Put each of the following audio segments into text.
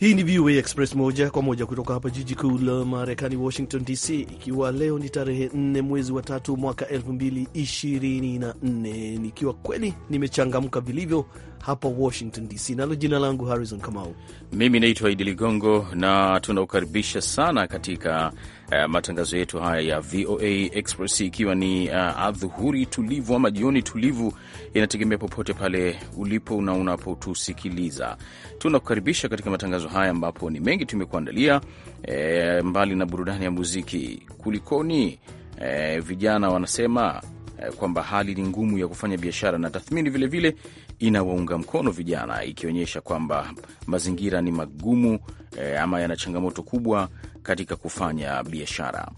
Hii ni VOA Express moja kwa moja kutoka hapa jiji kuu la Marekani, Washington DC, ikiwa leo ni tarehe 4 mwezi wa tatu mwaka 224 nikiwa kweli nimechangamka vilivyo hapa Washington DC. Nalo jina langu Harrison Kamau, mimi naitwa Idi Ligongo na tunakukaribisha sana katika uh, matangazo yetu haya ya VOA Express, ikiwa ni uh, adhuhuri tulivu ama jioni tulivu, inategemea popote pale ulipo na unapotusikiliza. Tunakukaribisha katika matangazo haya ambapo ni mengi tumekuandalia, e, mbali na burudani ya muziki. Kulikoni e, vijana wanasema Eh, kwamba hali ni ngumu ya kufanya biashara, na tathmini vilevile inawaunga mkono vijana, ikionyesha kwamba mazingira ni magumu eh, ama yana changamoto kubwa katika kufanya biashara.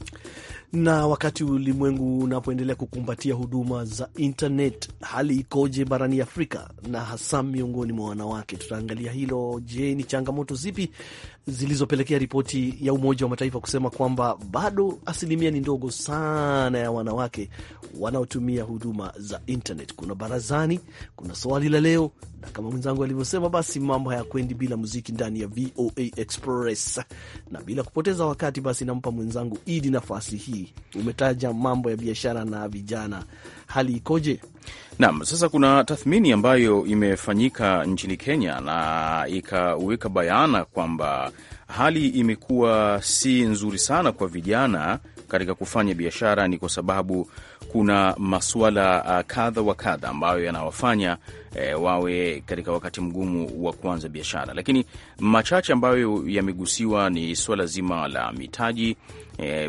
Na wakati ulimwengu unapoendelea kukumbatia huduma za internet, hali ikoje barani Afrika na hasa miongoni mwa wanawake? Tutaangalia hilo. Je, ni changamoto zipi zilizopelekea ripoti ya Umoja wa Mataifa kusema kwamba bado asilimia ni ndogo sana ya wanawake wanaotumia huduma za internet. Kuna barazani, kuna swali la leo, na kama mwenzangu alivyosema, basi mambo hayakwendi bila muziki ndani ya VOA Express. Na bila kupoteza wakati, basi nampa mwenzangu Idi nafasi hii. Umetaja mambo ya biashara na vijana hali ikoje? Naam, sasa kuna tathmini ambayo imefanyika nchini Kenya na ikaweka bayana kwamba hali imekuwa si nzuri sana kwa vijana katika kufanya biashara. Ni kwa sababu kuna masuala uh, kadha wa kadha ambayo yanawafanya e, wawe katika wakati mgumu wa kuanza biashara, lakini machache ambayo yamegusiwa ni suala zima la mitaji,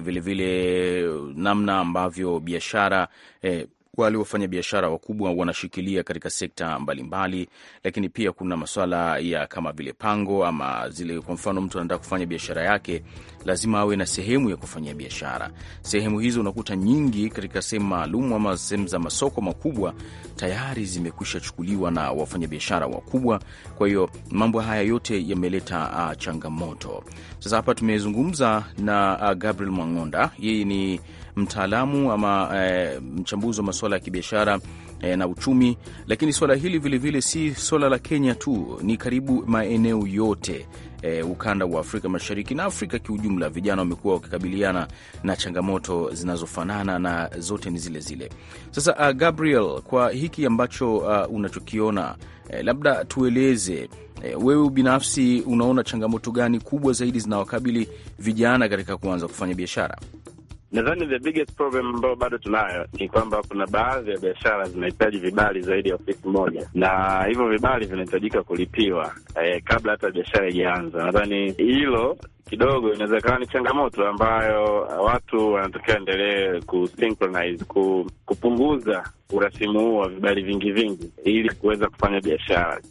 vilevile eh, e, vile namna ambavyo biashara e, wale wafanyabiashara wakubwa wanashikilia katika sekta mbalimbali mbali, lakini pia kuna maswala ya kama vile pango ama zile, kwa mfano mtu anataka kufanya biashara yake lazima awe na sehemu ya kufanyia biashara. Sehemu hizo unakuta nyingi katika sehemu maalum ama sehemu za masoko makubwa tayari zimekwisha chukuliwa na wafanyabiashara wakubwa. Kwa hiyo mambo haya yote yameleta uh, changamoto. Sasa hapa tumezungumza na uh, Gabriel Mwang'onda, yeye ni mtaalamu ama e, mchambuzi wa masuala ya kibiashara e, na uchumi. Lakini swala hili vilevile vile si swala la Kenya tu, ni karibu maeneo yote E, ukanda wa Afrika Mashariki na Afrika kiujumla, vijana wamekuwa wakikabiliana na changamoto zinazofanana na zote ni zile zile. Sasa uh, Gabriel, kwa hiki ambacho uh, unachokiona e, labda tueleze wewe binafsi unaona changamoto gani kubwa zaidi zinawakabili vijana katika kuanza kufanya biashara? Nadhani the biggest problem ambayo bado tunayo ni kwamba kuna baadhi ya biashara zinahitaji vibali zaidi ya ofisi moja, na hivyo vibali vinahitajika kulipiwa eh, kabla hata biashara ijaanza. Nadhani hilo kidogo inawezekana ni changamoto ambayo watu wanatakiwa endelee kusynchronize, kupunguza urasimu huu wa vibali vingi vingi ili kuweza kufanya biashara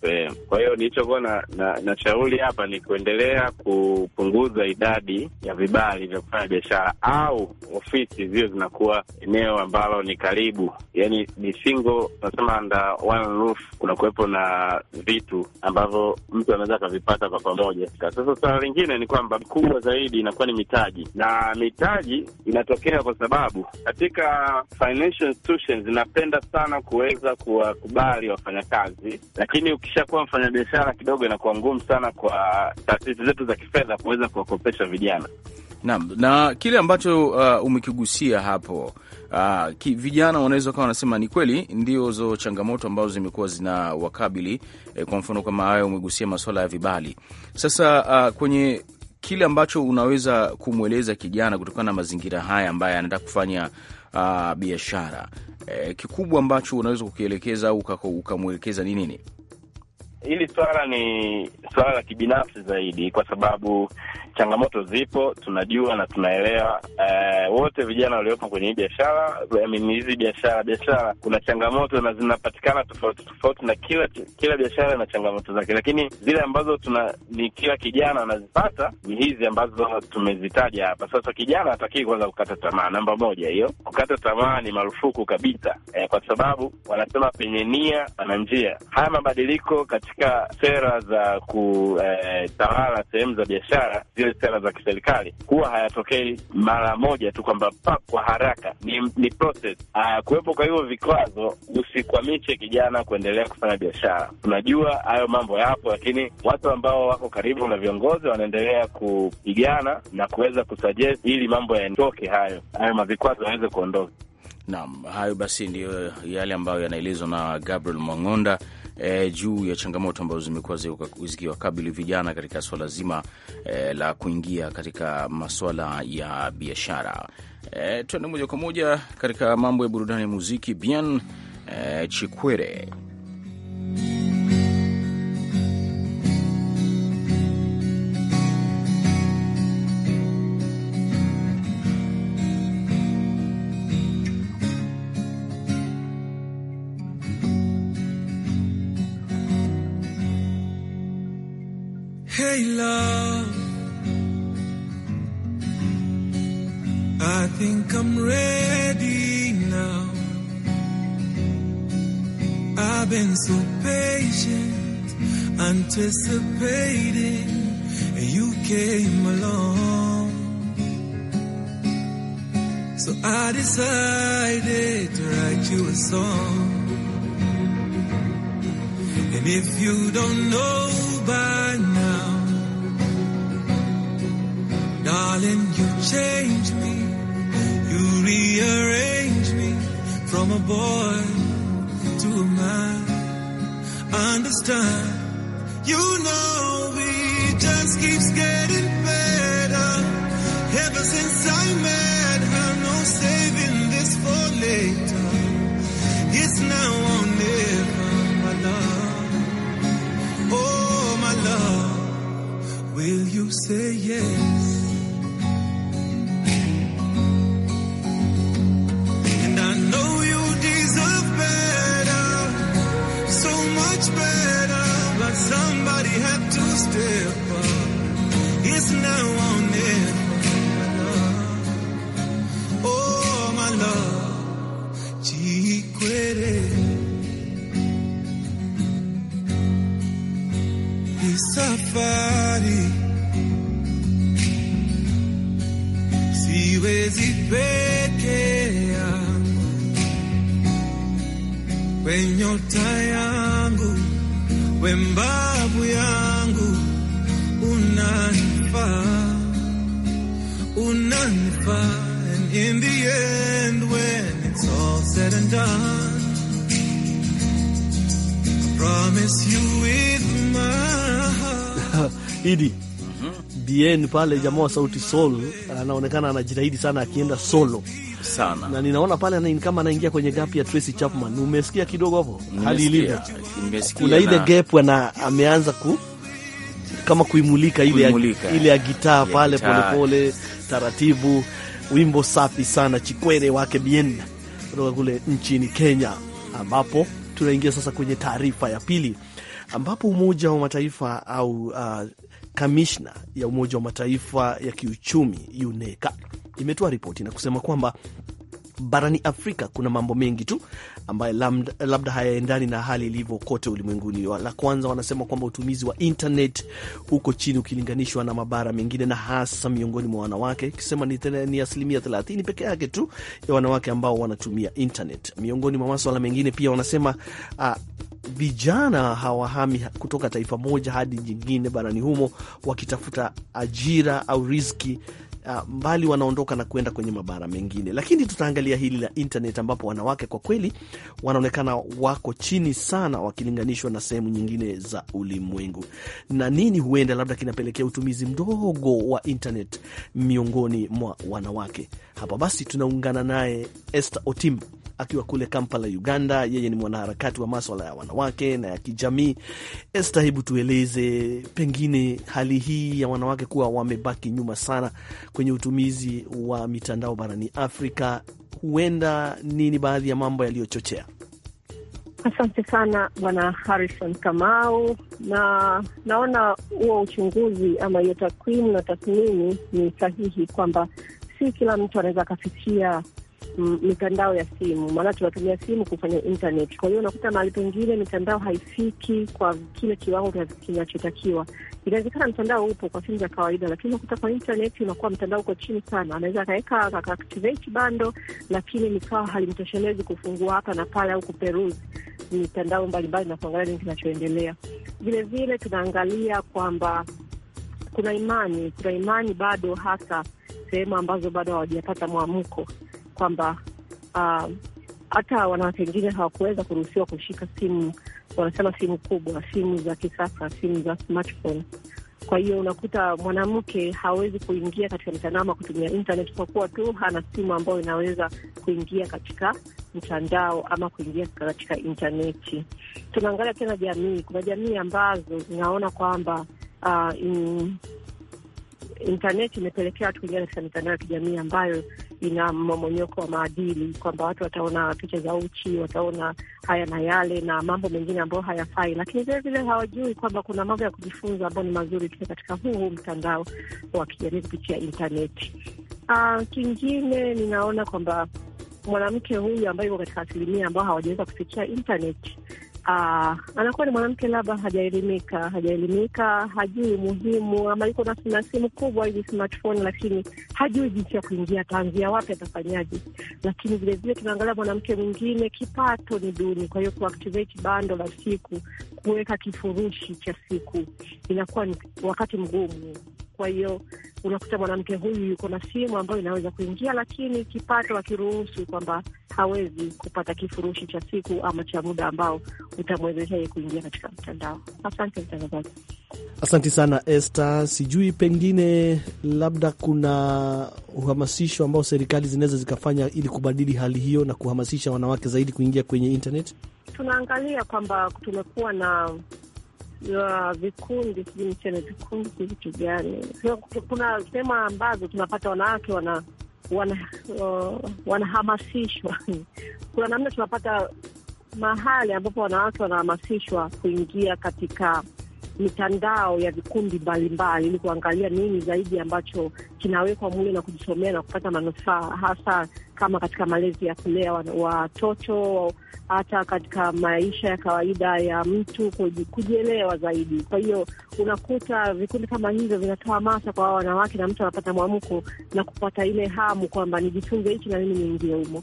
Kwa hiyo nilichokuwa na, na, na shauri hapa ni kuendelea kupunguza idadi ya vibali vya kufanya biashara, au ofisi ziwe zinakuwa eneo ambalo ni karibu, yani ni single, unasema under one roof, na vitu ambavyo mtu anaweza akavipata kwa pamoja. Sasa swala lingine ni kwamba kubwa zaidi inakuwa ni mitaji, na mitaji inatokea kwa sababu katika financial institutions napenda sana kuweza kuwakubali wafanyakazi, lakini ukishakuwa mfanyabiashara kidogo inakuwa ngumu sana kwa taasisi zetu za kifedha kuweza kuwakopesha vijana. Naam, na kile ambacho uh, umekigusia hapo uh, ki, vijana wanaweza kawa wanasema ni kweli, ndiozo changamoto ambazo zimekuwa zina wakabili eh, kwa mfano kama hayo umegusia masuala ya vibali. Sasa uh, kwenye kile ambacho unaweza kumweleza kijana kutokana na mazingira haya ambaye anataka kufanya uh, biashara eh, kikubwa ambacho unaweza kukielekeza au ukamwelekeza ni nini? hili swala ni swala la kibinafsi zaidi, kwa sababu changamoto zipo, tunajua na tunaelewa eh, wote vijana waliopo kwenye hii biashara, hizi biashara biashara, kuna changamoto na zinapatikana tofauti tofauti, na kila kila biashara ina changamoto zake, lakini zile ambazo tuna ni kila kijana anazipata ni hizi ambazo tumezitaja hapa. Sasa kijana atakii kwanza kukata tamaa, namba moja hiyo. Kukata tamaa ni marufuku kabisa, eh, kwa sababu wanasema penye nia pana njia. Haya mabadiliko katika katika sera za kutawala eh, sehemu za biashara, zile sera za kiserikali huwa hayatokei mara moja tu kwamba kwa haraka, ni, ni process uh, kuwepo kwa hivyo vikwazo usikwamishe kijana kuendelea kufanya biashara. Tunajua hayo mambo yapo, lakini watu ambao wako karibu na viongozi wanaendelea kupigana na kuweza kusuggest ili mambo yatoke, hayo hayo mavikwazo yaweze kuondoka. Naam, hayo basi ndiyo yale ambayo yanaelezwa na Gabriel Mwang'onda e, juu ya changamoto ambazo zimekuwa zikiwakabili vijana katika swala zima e, la kuingia katika maswala ya biashara. e, tuende moja kwa moja katika mambo ya burudani ya muziki bian e, Chikwere song. And if you don't know by now, darling, you changed me. You rearranged me from a boy to a man. understand, you know. say yes. And I know you deserve better, so much better. But somebody had to step up. It's now or never, Oh, my love, she quit safari siwezi peke yangu we nyota yangu we mbavu yangu unanifaa unanifaa in the end when it's all said and done I promise you with my heart Idi DN pale, jamaa wa Sauti Sol anaonekana anajitahidi sana akienda solo sana na ninaona pale ni kama anaingia kwenye gap ya Tracy Chapman. Umesikia kidogo hapo hali ilivyo, kuna ile gap na ameanza ku kama kuimulika ile kuimulika, ya, ile ya gitaa pale polepole taratibu, wimbo safi sana chikwere wake bien kutoka kule nchini Kenya, ambapo tunaingia sasa kwenye taarifa ya pili ambapo Umoja wa Mataifa au uh, kamishna ya Umoja wa Mataifa ya kiuchumi UNECA imetoa ripoti na kusema kwamba barani Afrika kuna mambo mengi tu ambayo labda hayaendani na hali ilivyo kote ulimwenguni. La kwanza, wanasema kwamba utumizi wa internet huko chini ukilinganishwa na mabara mengine, na hasa miongoni mwa wanawake, ikisema ni, ni asilimia thelathini peke yake tu ya wanawake ambao wanatumia internet. Miongoni mwa maswala mengine pia wanasema uh, vijana hawahami kutoka taifa moja hadi jingine barani humo wakitafuta ajira au riski Uh, mbali wanaondoka na kuenda kwenye mabara mengine, lakini tutaangalia hili la internet, ambapo wanawake kwa kweli wanaonekana wako chini sana wakilinganishwa na sehemu nyingine za ulimwengu, na nini huenda labda kinapelekea utumizi mdogo wa internet miongoni mwa wanawake. Hapa basi tunaungana naye Esther Otim akiwa kule Kampala, Uganda. Yeye ni mwanaharakati wa maswala ya wanawake na ya kijamii. Esta, hebu tueleze pengine hali hii ya wanawake kuwa wamebaki nyuma sana kwenye utumizi wa mitandao barani Afrika, huenda nini baadhi ya mambo yaliyochochea? Asante sana Bwana Harrison Kamau, na naona huo uchunguzi ama hiyo takwimu na tathmini ni sahihi kwamba si kila mtu anaweza akafikia mitandao ya simu, maana tunatumia simu kufanya internet. Kwa hiyo unakuta mahali pengine mitandao haifiki kwa kile kiwango kinachotakiwa. Inawezekana mtandao upo kwa simu za kawaida, lakini unakuta kwa internet unakuwa mtandao uko chini sana. Anaweza akaweka akaactivate bando, lakini nikawa halimtoshelezi kufungua hapa na pale au kuperuzi mitandao mbalimbali na kuangalia nini kinachoendelea. Vilevile tunaangalia kwamba kuna imani, kuna imani bado hasa sehemu ambazo bado hawajapata mwamko kwamba um, hata uh, wanawake wengine hawakuweza kuruhusiwa kushika simu, wanasema simu kubwa, simu za kisasa, simu za smartphone. Kwa hiyo unakuta mwanamke hawezi kuingia katika mitandao ama kutumia internet kwa kuwa tu hana simu ambayo inaweza kuingia katika mtandao ama kuingia katika intaneti. Tunaangalia tena jamii, kuna jamii ambazo zinaona kwamba uh, intaneti imepelekea watu kuingia katika mitandao ya kijamii ambayo ina mmomonyoko wa maadili, kwamba watu wataona picha za uchi, wataona haya na yale na mambo mengine ambayo hayafai, lakini vilevile hawajui kwamba kuna mambo ya kujifunza ambayo ni mazuri pia katika huu mtandao wa kijamii kupitia intaneti. Uh, ah, kingine ninaona kwamba mwanamke huyu ambaye yuko katika asilimia ambao hawajaweza kufikia intaneti Aa, ah, anakuwa ni mwanamke labda hajaelimika, hajaelimika, hajui umuhimu, ama yuko na simu kubwa hivi smartphone, lakini hajui jinsi ya kuingia, ataanzia wapi, atafanyaje. Lakini vilevile tunaangalia mwanamke mwingine kipato ni duni, kwa hiyo kuactivate bando la siku, kuweka kifurushi cha siku inakuwa ni wakati mgumu. Kwa hiyo unakuta mwanamke huyu yuko na simu ambayo inaweza kuingia, lakini kipato akiruhusu kwamba hawezi kupata kifurushi cha siku ama cha muda ambao utamwezesha yeye kuingia katika mtandao. Asante mtangazaji. Asante sana Esther. Sijui pengine labda kuna uhamasisho ambao serikali zinaweza zikafanya ili kubadili hali hiyo na kuhamasisha wanawake zaidi kuingia kwenye internet. Tunaangalia kwamba tumekuwa na ya vikundi, sijui nichene vikundi, si vitu gani? Kuna sehemu ambazo tunapata wanawake wana wanahamasishwa wana, uh, kuna namna tunapata mahali ambapo wanawake wanahamasishwa kuingia katika mitandao ya vikundi mbalimbali, ili kuangalia nini zaidi ambacho kinawekwa mule na kujisomea na kupata manufaa, hasa kama katika malezi ya kulea watoto, hata katika maisha ya kawaida ya mtu kujielewa zaidi. Kwa hiyo unakuta vikundi kama hivyo vinatoa hamasa kwa wanawake na mtu anapata mwamko na kupata ile hamu kwamba nijifunze hichi na mimi niingie humo.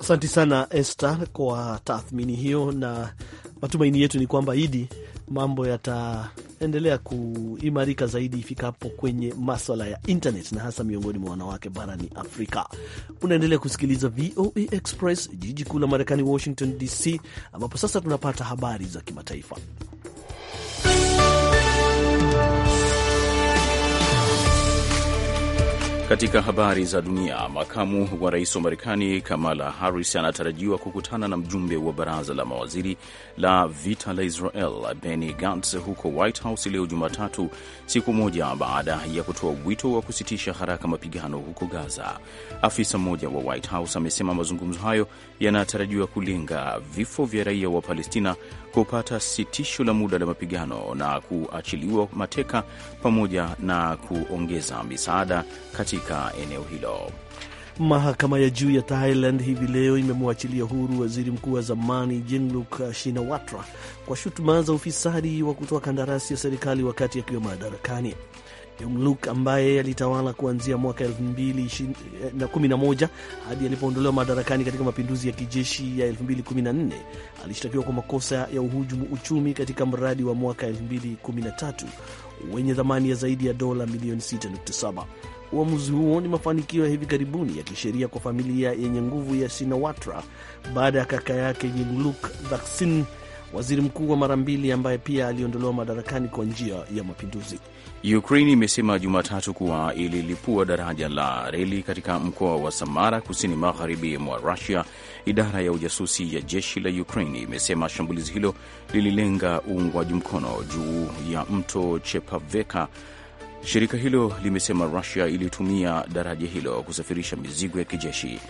Asanti sana Esther kwa tathmini hiyo, na matumaini yetu ni kwamba Idi mambo yataendelea kuimarika zaidi ifikapo kwenye maswala ya internet na hasa miongoni mwa wanawake barani Afrika. Unaendelea kusikiliza VOA Express, jiji kuu la Marekani, Washington DC, ambapo sasa tunapata habari za kimataifa. Katika habari za dunia, makamu wa rais wa Marekani Kamala Harris anatarajiwa kukutana na mjumbe wa baraza la mawaziri la vita la Israel Benny Gantz huko White House leo Jumatatu, siku moja baada ya kutoa wito wa kusitisha haraka mapigano huko Gaza. Afisa mmoja wa White House amesema mazungumzo hayo yanatarajiwa kulenga vifo vya raia wa Palestina kupata sitisho la muda la mapigano na kuachiliwa mateka pamoja na kuongeza misaada katika eneo hilo. Mahakama ya juu ya Thailand hivi leo imemwachilia huru waziri mkuu wa zamani Jingluk Shinawatra kwa shutuma za ufisadi wa kutoa kandarasi ya serikali wakati akiwa madarakani. Gumluk ambaye alitawala kuanzia mwaka 2011 hadi alipoondolewa madarakani katika mapinduzi ya kijeshi ya 2014, alishtakiwa kwa makosa ya uhujumu uchumi katika mradi wa mwaka 2013 wenye thamani ya zaidi ya dola milioni 6.7. Uamuzi huo ni mafanikio ya hivi karibuni ya kisheria kwa familia yenye nguvu ya Sinawatra baada ya kaka yake Yingluck Vaksin waziri mkuu wa mara mbili ambaye pia aliondolewa madarakani kwa njia ya mapinduzi. ukrain imesema Jumatatu kuwa ililipua daraja la reli katika mkoa wa Samara, kusini magharibi mwa Rusia. Idara ya ujasusi ya jeshi la ukrain imesema shambulizi hilo lililenga uungwaji mkono juu ya mto Chepaveka. Shirika hilo limesema Rusia ilitumia daraja hilo kusafirisha mizigo ya kijeshi.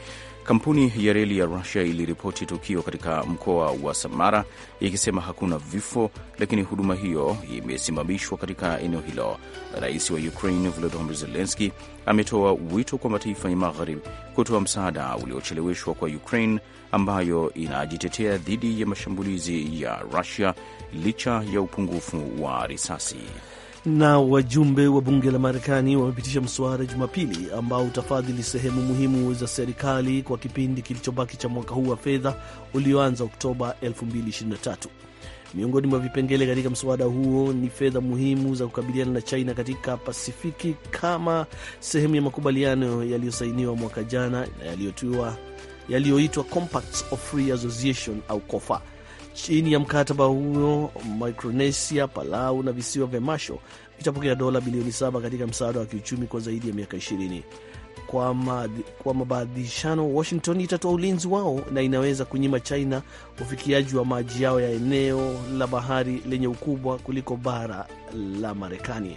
Kampuni ya reli ya Rusia iliripoti tukio katika mkoa wa Samara ikisema hakuna vifo, lakini huduma hiyo imesimamishwa katika eneo hilo. Rais wa Ukraine Volodymyr Zelenski ametoa wito kwa mataifa ya magharibi kutoa msaada uliocheleweshwa kwa Ukraine ambayo inajitetea dhidi ya mashambulizi ya Rusia licha ya upungufu wa risasi. Na wajumbe wa bunge la Marekani wamepitisha mswada Jumapili ambao utafadhili sehemu muhimu za serikali kwa kipindi kilichobaki cha mwaka huu wa fedha ulioanza Oktoba 2023. Miongoni mwa vipengele katika mswada huo ni fedha muhimu za kukabiliana na China katika Pasifiki kama sehemu ya makubaliano yaliyosainiwa mwaka jana na yaliyoitwa Compacts of Free Association au COFA Chini ya mkataba huo, Micronesia, Palau na visiwa vya masho vitapokea dola bilioni saba katika msaada wa kiuchumi kwa zaidi ya miaka ishirini. Kwa mabadilishano, Washington itatoa ulinzi wao na inaweza kunyima China ufikiaji wa maji yao ya eneo la bahari lenye ukubwa kuliko bara la Marekani.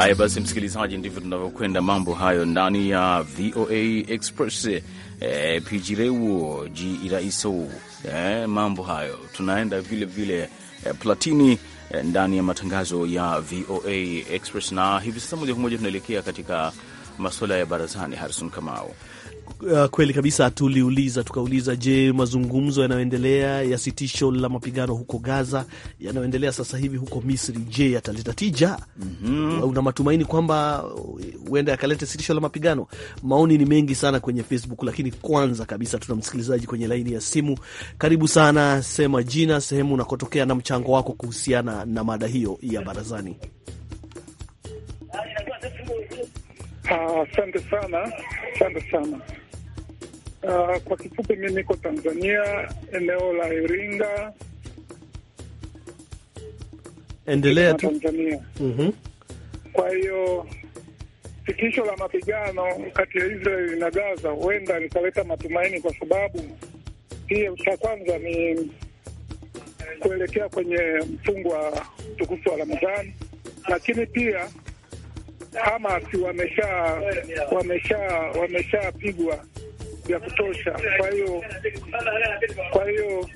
Haya basi, msikilizaji, ndivyo tunavyokwenda mambo hayo ndani ya VOA Express. Eh, pijireu ji iraiso eh, mambo hayo tunaenda vilevile vile, eh, platini eh, ndani ya matangazo ya VOA Express, na hivi sasa moja kwa moja tunaelekea katika masuala ya barazani. Harrison Kamau uh, kweli kabisa. Tuliuliza tukauliza, je, mazungumzo yanayoendelea ya sitisho la mapigano huko Gaza yanayoendelea sasa hivi huko Misri, je, yataleta tija? mm -hmm. Una matumaini kwamba huenda yakalete sitisho la mapigano? Maoni ni mengi sana kwenye Facebook, lakini kwanza kabisa tuna msikilizaji kwenye laini ya simu. Karibu sana, sema jina, sehemu unakotokea na mchango wako kuhusiana na mada hiyo ya barazani. Yaani, Ah, asante uh, sana asante sana uh, kwa kifupi, mi niko Tanzania, eneo la Iringa. Endelea tu Tanzania. mm -hmm. Kwa hiyo fikisho la mapigano kati ya Israeli na Gaza huenda likaleta matumaini, kwa sababu hiyo cha kwanza ni kuelekea kwenye mfungo wa tukufu wa Ramadhani, lakini pia Hamas wamesha wamesha wameshapigwa vya kutosha. Kwa hiyo kwa hiyo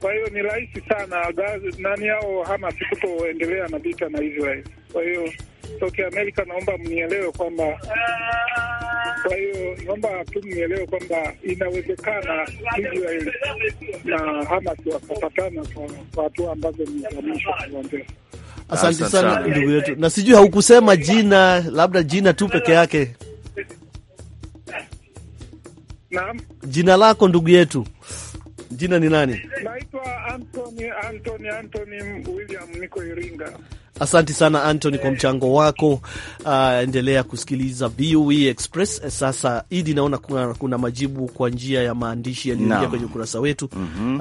kwa hiyo ni rahisi sana Gaza, nani hao Hamas kutoendelea na vita na Israel. Kwa hiyo toki Amerika, naomba mnielewe kwamba kwa hiyo naomba tu mnielewe kwamba inawezekana Israel na Hamas wakapatana kwa hatua ambazo ni za mwisho kuongea Asante sana ndugu yetu, na sijui haukusema jina, labda jina tu peke yake. Naam, jina lako ndugu yetu, jina ni nani? Naitwa Anthony, Anthony, Anthony William, niko Iringa asanti sana antony kwa mchango wako. Uh, endelea kusikiliza VOA e Express. Sasa Idi, naona kuna, kuna majibu kwa njia ya maandishi yaliyoingia no. kwenye ukurasa wetu mm -hmm.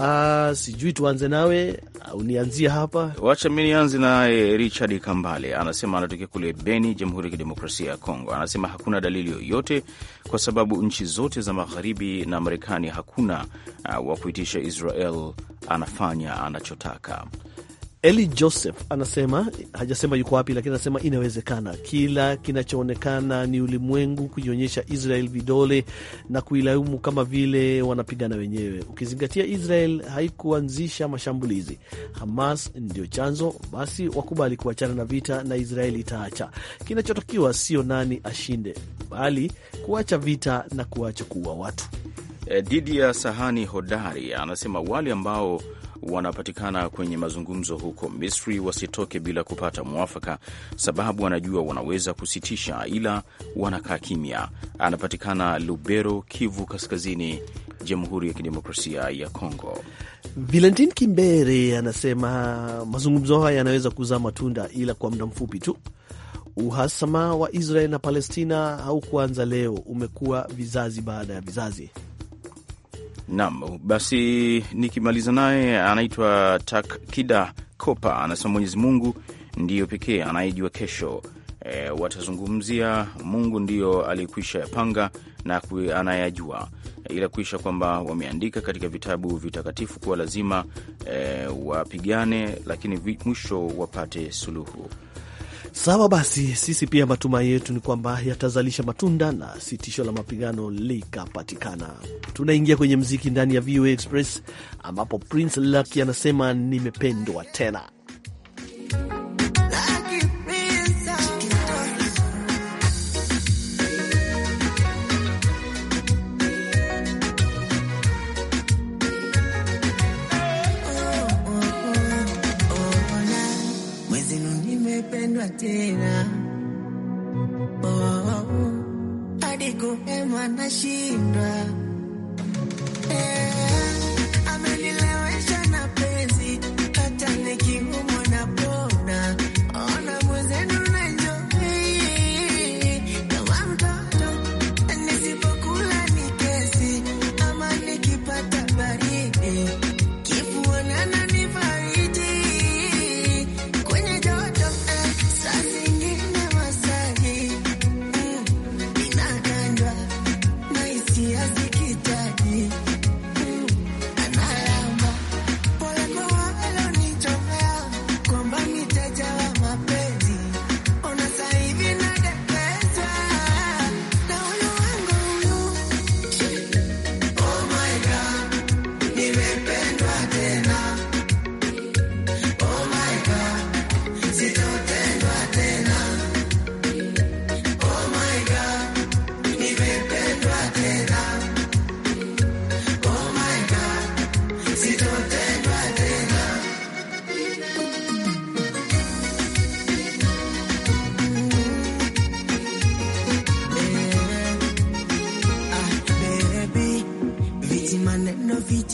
Uh, sijui tuanze nawe au nianzie hapa? Wacha mi nianze naye. Richard Kambale anasema anatokea kule Beni, Jamhuri ya Kidemokrasia ya Kongo. Anasema hakuna dalili yoyote kwa sababu nchi zote za magharibi na Marekani hakuna uh, wa kuitisha Israel anafanya anachotaka. Eli Joseph anasema, hajasema yuko wapi, lakini anasema inawezekana. Kila kinachoonekana ni ulimwengu kuionyesha Israel vidole na kuilaumu kama vile wanapigana wenyewe, ukizingatia Israel haikuanzisha mashambulizi. Hamas ndio chanzo, basi wakubali kuachana na vita na Israel itaacha. Kinachotakiwa sio nani ashinde, bali kuacha vita na kuacha kuua watu. Eh, Didi ya Sahani Hodari anasema wale ambao wanapatikana kwenye mazungumzo huko Misri wasitoke bila kupata mwafaka, sababu anajua wanaweza kusitisha, ila wanakaa kimya. Anapatikana Lubero, Kivu Kaskazini, Jamhuri ya Kidemokrasia ya Kongo. Valentin Kimbere anasema mazungumzo haya yanaweza kuzaa matunda, ila kwa muda mfupi tu. Uhasama wa Israel na Palestina haukuanza leo, umekuwa vizazi baada ya vizazi. Naam, basi nikimaliza naye, anaitwa Takida Kopa, anasema Mwenyezi Mungu ndiyo pekee anayejua kesho. E, watazungumzia Mungu ndiyo aliyekwisha yapanga na anayajua, ila kuisha kwamba wameandika katika vitabu vitakatifu kuwa lazima e, wapigane, lakini mwisho wapate suluhu. Sawa basi, sisi pia matumai yetu ni kwamba yatazalisha matunda na sitisho la mapigano likapatikana. Tunaingia kwenye mziki ndani ya VOA Express ambapo Prince Lucky anasema nimependwa tena. kuona tena oh, oh, oh. hadi kupema nashindwa. Eh.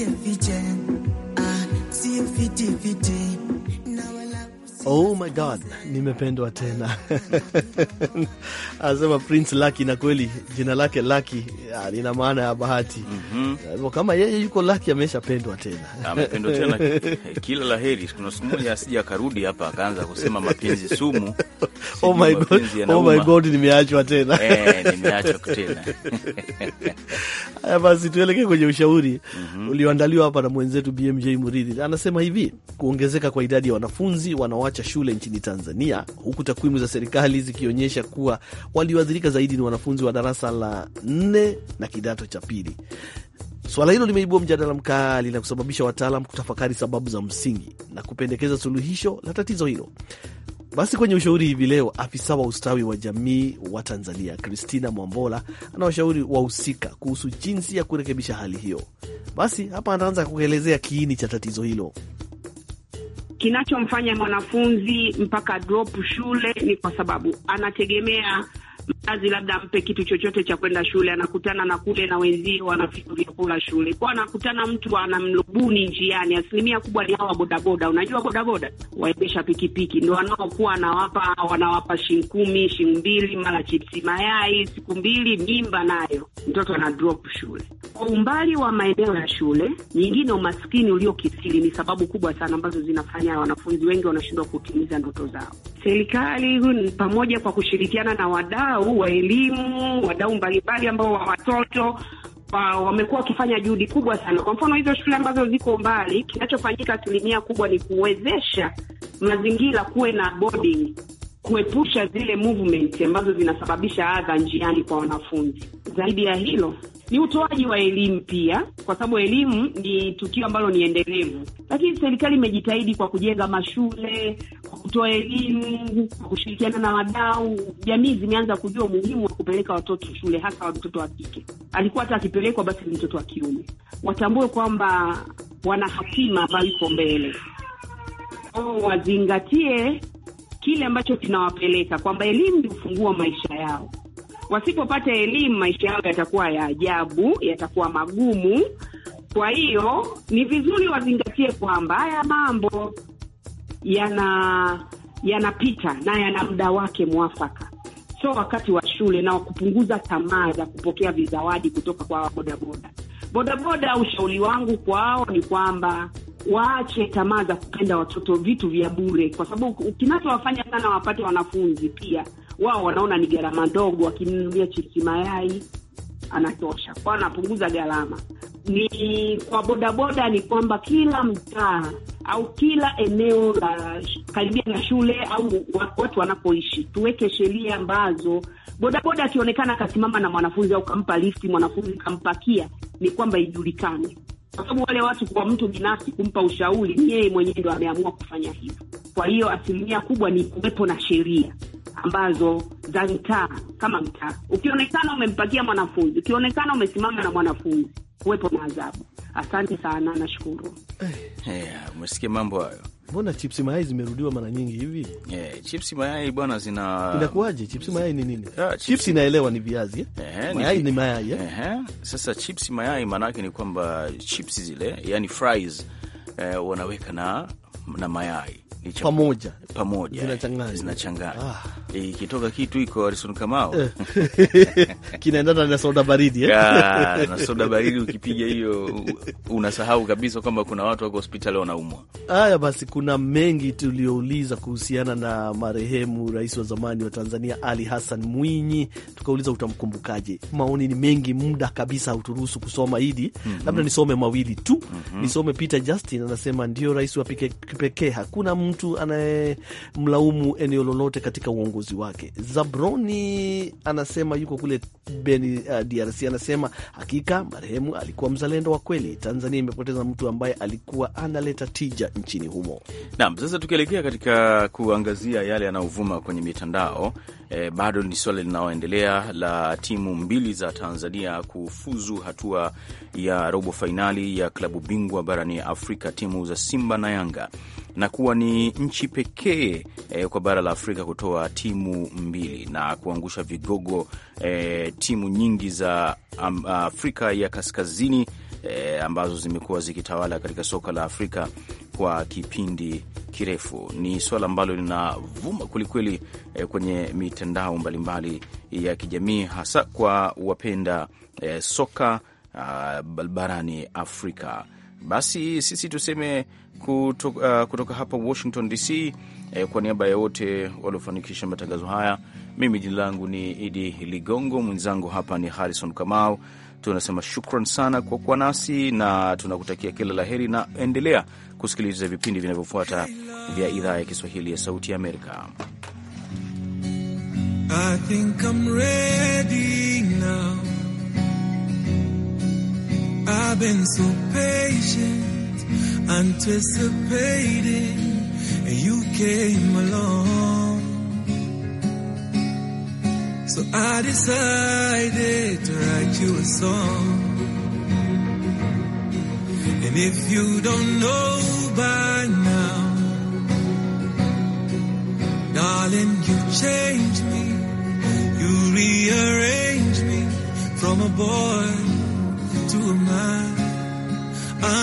Yeah. Oh my God, nimependwa tena asema Prince Lucky, na kweli jina lake Lucky lina maana ya bahati. mm -hmm. Kama yeye yuko Lucky ameshapendwa tena amependwa tena kila laheri. Kuna siku moja asija akarudi hapa akaanza kusema mapenzi sumu. Oh my God, oh my God, nimeachwa tena eh, nimeachwa tena haya. Basi tuelekee kwenye ushauri mm -hmm. ulioandaliwa hapa na mwenzetu BMJ Muridi, anasema hivi kuongezeka kwa idadi ya wanafunzi wanaoacha cha shule nchini Tanzania, huku takwimu za serikali zikionyesha kuwa walioathirika zaidi ni wanafunzi wa darasa la nne na kidato cha pili. Swala hilo limeibua mjadala mkali na kusababisha wataalam kutafakari sababu za msingi na kupendekeza suluhisho la tatizo hilo. Basi kwenye ushauri hivi leo, afisa wa ustawi wa jamii wa Tanzania Christina Mwambola anawashauri wahusika kuhusu jinsi ya kurekebisha hali hiyo. Basi hapa anaanza kuelezea kiini cha tatizo hilo kinachomfanya mwanafunzi mpaka drop shule ni kwa sababu anategemea mzazi labda ampe kitu chochote cha kwenda shule, anakutana na kule na wenzio wanafika vyakula shule, kwa anakutana mtu anamlubuni njiani. Asilimia kubwa ni hawa bodaboda, unajua bodaboda waendesha pikipiki ndo wanaokuwa anawapa wanawapa shilingi kumi, shilingi mbili, mara chipsi, mayai, siku mbili mimba nayo mtoto ana drop shule. Kwa umbali wa maeneo ya shule nyingine, umaskini uliokithiri ni sababu kubwa sana ambazo zinafanya wanafunzi wengi wanashindwa kutimiza ndoto zao. Serikali pamoja kwa kushirikiana na wadau wadau wa elimu, wadau mbalimbali ambao wa watoto wamekuwa wakifanya juhudi kubwa sana. Kwa mfano hizo shule ambazo ziko mbali, kinachofanyika asilimia kubwa ni kuwezesha mazingira kuwe na boarding, kuepusha zile movement ambazo zinasababisha adha njiani kwa wanafunzi. Zaidi ya hilo ni utoaji wa elimu pia, kwa sababu elimu ni tukio ambalo ni endelevu, lakini serikali imejitahidi kwa kujenga mashule, kutoa elimu, kushirikiana na wadau. Jamii zimeanza kujua umuhimu wa kupeleka watoto shule, hasa watoto wa kike. Alikuwa hata akipelekwa basi ni mtoto wa kiume, watambue kwamba wana hatima ambayo iko mbele. wazingatie kile ambacho kinawapeleka, kwamba elimu ni ufunguo maisha yao. Wasipopata elimu, maisha yao yatakuwa ya ajabu, yatakuwa magumu. Kwa hiyo ni vizuri wazingatie kwamba haya mambo yana yanapita na yana muda wake mwafaka, sio wakati wa shule, na wakupunguza tamaa za kupokea vizawadi kutoka kwa bodaboda bodaboda. Ushauri wangu kwao ni kwamba waache tamaa za kupenda watoto vitu vya bure, kwa sababu kinachowafanya sana wapate wanafunzi pia wao wanaona ni gharama ndogo. wakinunulia chipsi mayai anatosha kwao, anapunguza gharama ni kwa bodaboda ni kwamba kila mtaa au kila eneo la karibia na shule au watu wanapoishi, tuweke sheria ambazo bodaboda akionekana akasimama na mwanafunzi au kampa lifti mwanafunzi kampakia, ni kwamba ijulikane, kwa sababu wale watu, kwa mtu binafsi kumpa ushauri, ni yeye mwenyewe ndo ameamua kufanya hivyo. Kwa hiyo asilimia kubwa ni kuwepo na sheria ambazo za mtaa kama mtaa, ukionekana umempakia mwanafunzi, ukionekana umesimama na mwanafunzi kuwepo na adhabu. Asante sana, nashukuru. Hey, eh, eh, umesikia mambo hayo. Mbona chipsi mayai zimerudiwa mara nyingi hivi? Yeah, chipsi mayai bwana zina inakuwaje? Chipsi mayai ni nini? Ah, chipsi... chipsi inaelewa ni viazi eh, eh mayai ni, ni mayai eh? Eh, sasa chipsi mayai maanake ni kwamba chipsi zile yani fries eh, wanaweka na na mayai pamoja pamoja zinachangana zinachangana, ah. Eh, ikitoka kitu iko Harrison Kamao eh. kinaendana na soda baridi eh? Ah, na soda baridi ukipiga hiyo unasahau kabisa kwamba kuna watu wako hospitali wanaumwa. Haya basi, kuna mengi tuliouliza kuhusiana na marehemu rais wa zamani wa Tanzania Ali Hassan Mwinyi, tukauliza utamkumbukaje? Maoni ni mengi, muda kabisa hauturuhusu kusoma hidi, mm -hmm. Labda nisome mawili tu mm -hmm. Nisome Peter Justin anasema ndio rais wa pekee, hakuna mtu anayemlaumu eneo lolote katika uongozi wake. Zabroni anasema yuko kule Beni, uh, DRC, anasema hakika marehemu alikuwa mzalendo wa kweli. Tanzania imepoteza mtu ambaye alikuwa analeta tija nchini humo. Naam, sasa tukielekea katika kuangazia yale yanayovuma kwenye mitandao eh, bado ni suala linaloendelea la timu mbili za Tanzania kufuzu hatua ya robo fainali ya klabu bingwa barani Afrika, timu za Simba na Yanga na kuwa ni nchi pekee eh, kwa bara la Afrika kutoa timu mbili na kuangusha vigogo eh, timu nyingi za um, Afrika ya kaskazini eh, ambazo zimekuwa zikitawala katika soka la Afrika kwa kipindi kirefu. Ni suala ambalo linavuma kwelikweli eh, kwenye mitandao mbalimbali ya kijamii hasa kwa wapenda eh, soka ah, barani Afrika. Basi sisi tuseme kutoka, uh, kutoka hapa Washington DC eh, kwa niaba ya wote waliofanikisha matangazo haya, mimi jina langu ni Idi Ligongo, mwenzangu hapa ni Harrison Kamau tunasema shukran sana kwa kuwa nasi na tunakutakia kila la heri, na endelea kusikiliza vipindi vinavyofuata vya idhaa ya Kiswahili ya Sauti ya Amerika. you came along. So I decided to write you a song. And if you don't know by now, darling, you changed me. You rearranged me from a boy to a man.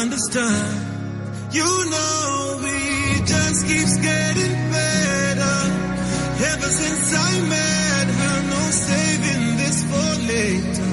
Understand, you know we just keeps getting better ever since I met saving this for later.